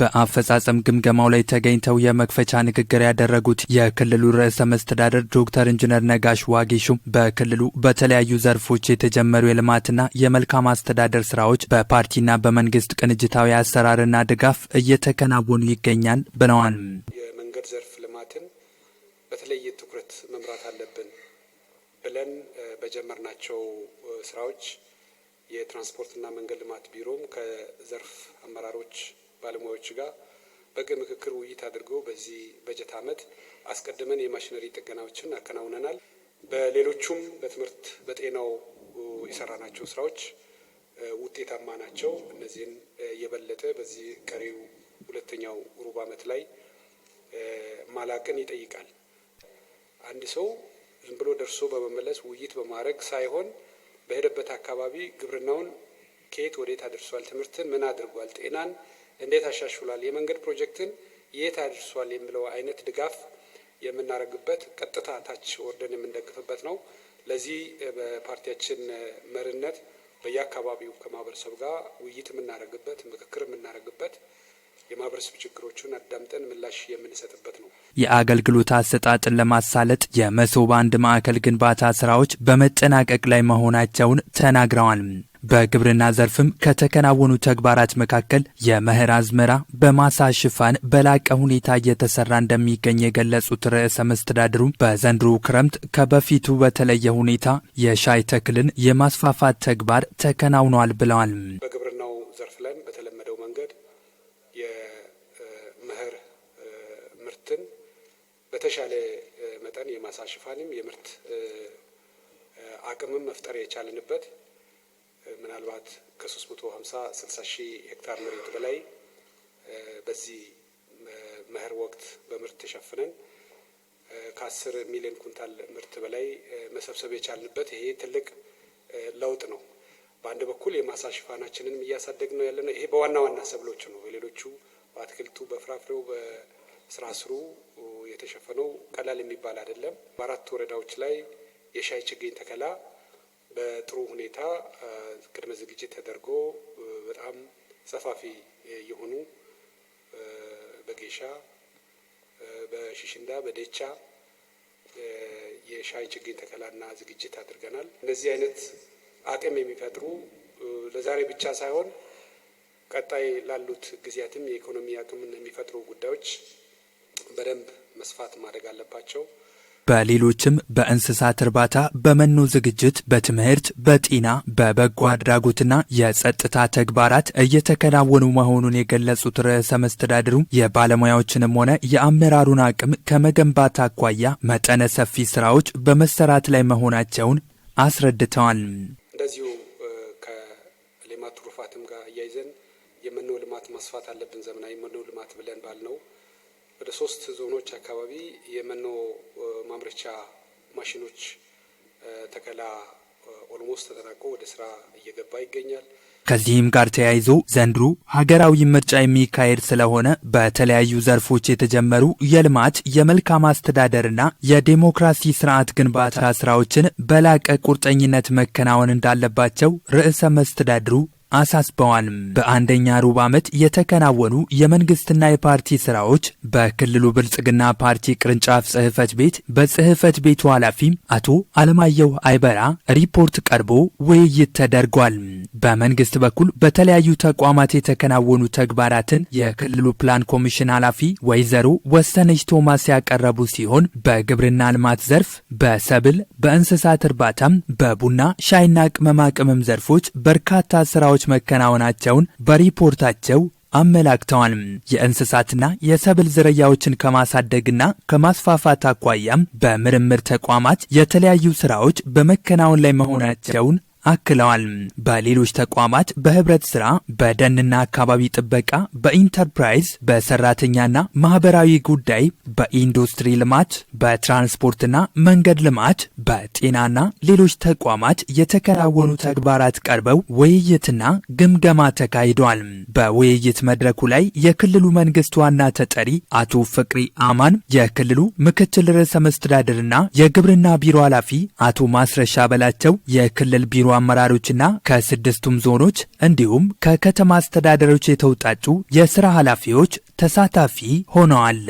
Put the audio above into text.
በአፈጻጸም ግምገማው ላይ ተገኝተው የመክፈቻ ንግግር ያደረጉት የክልሉ ርዕሰ መስተዳደር ዶክተር ኢንጂነር ነጋሽ ዋጌሾም በክልሉ በተለያዩ ዘርፎች የተጀመሩ የልማትና የመልካም አስተዳደር ስራዎች በፓርቲና በመንግስት ቅንጅታዊ አሰራርና ድጋፍ እየተከናወኑ ይገኛል ብለዋል። የመንገድ ዘርፍ ልማትን በተለየ ትኩረት መምራት አለብን ብለን በጀመርናቸው ስራዎች የትራንስፖርትና መንገድ ልማት ቢሮም ከዘርፍ አመራሮች ባለሙያዎች ጋር በቅ ምክክር፣ ውይይት አድርገው በዚህ በጀት ዓመት አስቀድመን የማሽነሪ ጥገናዎችን አከናውነናል። በሌሎቹም በትምህርት በጤናው የሰራናቸው ስራዎች ውጤታማ ናቸው። እነዚህን የበለጠ በዚህ ቀሪው ሁለተኛው ሩብ ዓመት ላይ ማላቅን ይጠይቃል። አንድ ሰው ዝም ብሎ ደርሶ በመመለስ ውይይት በማድረግ ሳይሆን በሄደበት አካባቢ ግብርናውን ከየት ወዴት አድርሷል፣ ትምህርትን ምን አድርጓል፣ ጤናን እንዴት አሻሽሏል፣ የመንገድ ፕሮጀክትን የት አድርሷል የሚለው አይነት ድጋፍ የምናደርግበት ቀጥታ ታች ወርደን የምንደግፍበት ነው። ለዚህ በፓርቲያችን መሪነት በየአካባቢው ከማህበረሰብ ጋር ውይይት የምናደርግበት ምክክር የምናደርግበት የማህበረሰብ ችግሮችን አዳምጠን ምላሽ የምንሰጥበት ነው። የአገልግሎት አሰጣጥን ለማሳለጥ የመሶብ አንድ ማዕከል ግንባታ ስራዎች በመጠናቀቅ ላይ መሆናቸውን ተናግረዋል። በግብርና ዘርፍም ከተከናወኑ ተግባራት መካከል የመኸር አዝመራ በማሳ ሽፋን በላቀ ሁኔታ እየተሰራ እንደሚገኝ የገለጹት ርዕሰ መስተዳድሩ በዘንድሮ ክረምት ከበፊቱ በተለየ ሁኔታ የሻይ ተክልን የማስፋፋት ተግባር ተከናውኗል ብለዋል። በግብርናው ዘርፍ ላይ በተለመደው መንገድ የመኸር ምርትን በተሻለ መጠን የማሳ ሽፋንም የምርት አቅምም መፍጠር የቻልንበት ምናልባት ከ350 60 ሺህ ሄክታር መሬት በላይ በዚህ መኸር ወቅት በምርት ተሸፍነን ከ ከ10 ሚሊዮን ኩንታል ምርት በላይ መሰብሰብ የቻልንበት ይሄ ትልቅ ለውጥ ነው። በአንድ በኩል የማሳ ሽፋናችንንም እያሳደግ ነው ያለነው። ይሄ በዋና ዋና ሰብሎች ነው። በሌሎቹ በአትክልቱ፣ በፍራፍሬው፣ በስራ ስሩ የተሸፈነው ቀላል የሚባል አይደለም። በአራት ወረዳዎች ላይ የሻይ ችግኝ ተከላ በጥሩ ሁኔታ ቅድመ ዝግጅት ተደርጎ በጣም ሰፋፊ የሆኑ በጌሻ በሽሽንዳ በደቻ የሻይ ችግኝ ተከላና ዝግጅት አድርገናል። እነዚህ አይነት አቅም የሚፈጥሩ ለዛሬ ብቻ ሳይሆን ቀጣይ ላሉት ጊዜያትም የኢኮኖሚ አቅምን የሚፈጥሩ ጉዳዮች በደንብ መስፋት ማድረግ አለባቸው። በሌሎችም በእንስሳት እርባታ፣ በመኖ ዝግጅት፣ በትምህርት፣ በጤና፣ በበጎ አድራጎትና የጸጥታ ተግባራት እየተከናወኑ መሆኑን የገለጹት ርዕሰ መስተዳድሩ የባለሙያዎችንም ሆነ የአመራሩን አቅም ከመገንባት አኳያ መጠነ ሰፊ ስራዎች በመሰራት ላይ መሆናቸውን አስረድተዋል። እንደዚሁ ከሌማት ትሩፋትም ጋር እያይዘን የመኖ ልማት ማስፋት አለብን። ዘመናዊ መኖ ልማት ብለን ባልነው ወደ ሶስት ዞኖች አካባቢ የመኖ ማምረቻ ማሽኖች ተከላ ኦልሞስት ተጠናቆ ወደ ስራ እየገባ ይገኛል። ከዚህም ጋር ተያይዞ ዘንድሮ ሀገራዊ ምርጫ የሚካሄድ ስለሆነ በተለያዩ ዘርፎች የተጀመሩ የልማት የመልካም አስተዳደርና የዴሞክራሲ ስርዓት ግንባታ ስራዎችን በላቀ ቁርጠኝነት መከናወን እንዳለባቸው ርዕሰ መስተዳድሩ አሳስበዋል። በአንደኛ ሩብ ዓመት የተከናወኑ የመንግስትና የፓርቲ ስራዎች በክልሉ ብልጽግና ፓርቲ ቅርንጫፍ ጽህፈት ቤት በጽህፈት ቤቱ ኃላፊ አቶ አለማየሁ አይበራ ሪፖርት ቀርቦ ውይይት ተደርጓል። በመንግስት በኩል በተለያዩ ተቋማት የተከናወኑ ተግባራትን የክልሉ ፕላን ኮሚሽን ኃላፊ ወይዘሮ ወሰነች ቶማስ ያቀረቡ ሲሆን በግብርና ልማት ዘርፍ፣ በሰብል፣ በእንስሳት እርባታም፣ በቡና ሻይና ቅመማ ቅመም ዘርፎች በርካታ ስራዎች ስራዎች መከናወናቸውን በሪፖርታቸው አመላክተዋል። የእንስሳትና የሰብል ዝርያዎችን ከማሳደግና ከማስፋፋት አኳያም በምርምር ተቋማት የተለያዩ ስራዎች በመከናወን ላይ መሆናቸውን አክለዋል። በሌሎች ተቋማት በህብረት ስራ፣ በደንና አካባቢ ጥበቃ፣ በኢንተርፕራይዝ፣ በሰራተኛና ማህበራዊ ጉዳይ፣ በኢንዱስትሪ ልማት፣ በትራንስፖርትና መንገድ ልማት፣ በጤናና ሌሎች ተቋማት የተከናወኑ ተግባራት ቀርበው ውይይትና ግምገማ ተካሂደዋል። በውይይት መድረኩ ላይ የክልሉ መንግስት ዋና ተጠሪ አቶ ፍቅሪ አማን፣ የክልሉ ምክትል ርዕሰ መስተዳድርና የግብርና ቢሮ ኃላፊ አቶ ማስረሻ በላቸው፣ የክልል ቢሮ አመራሮችና ከስድስቱም ዞኖች እንዲሁም ከከተማ አስተዳደሮች የተውጣጩ የስራ ኃላፊዎች ተሳታፊ ሆነዋል።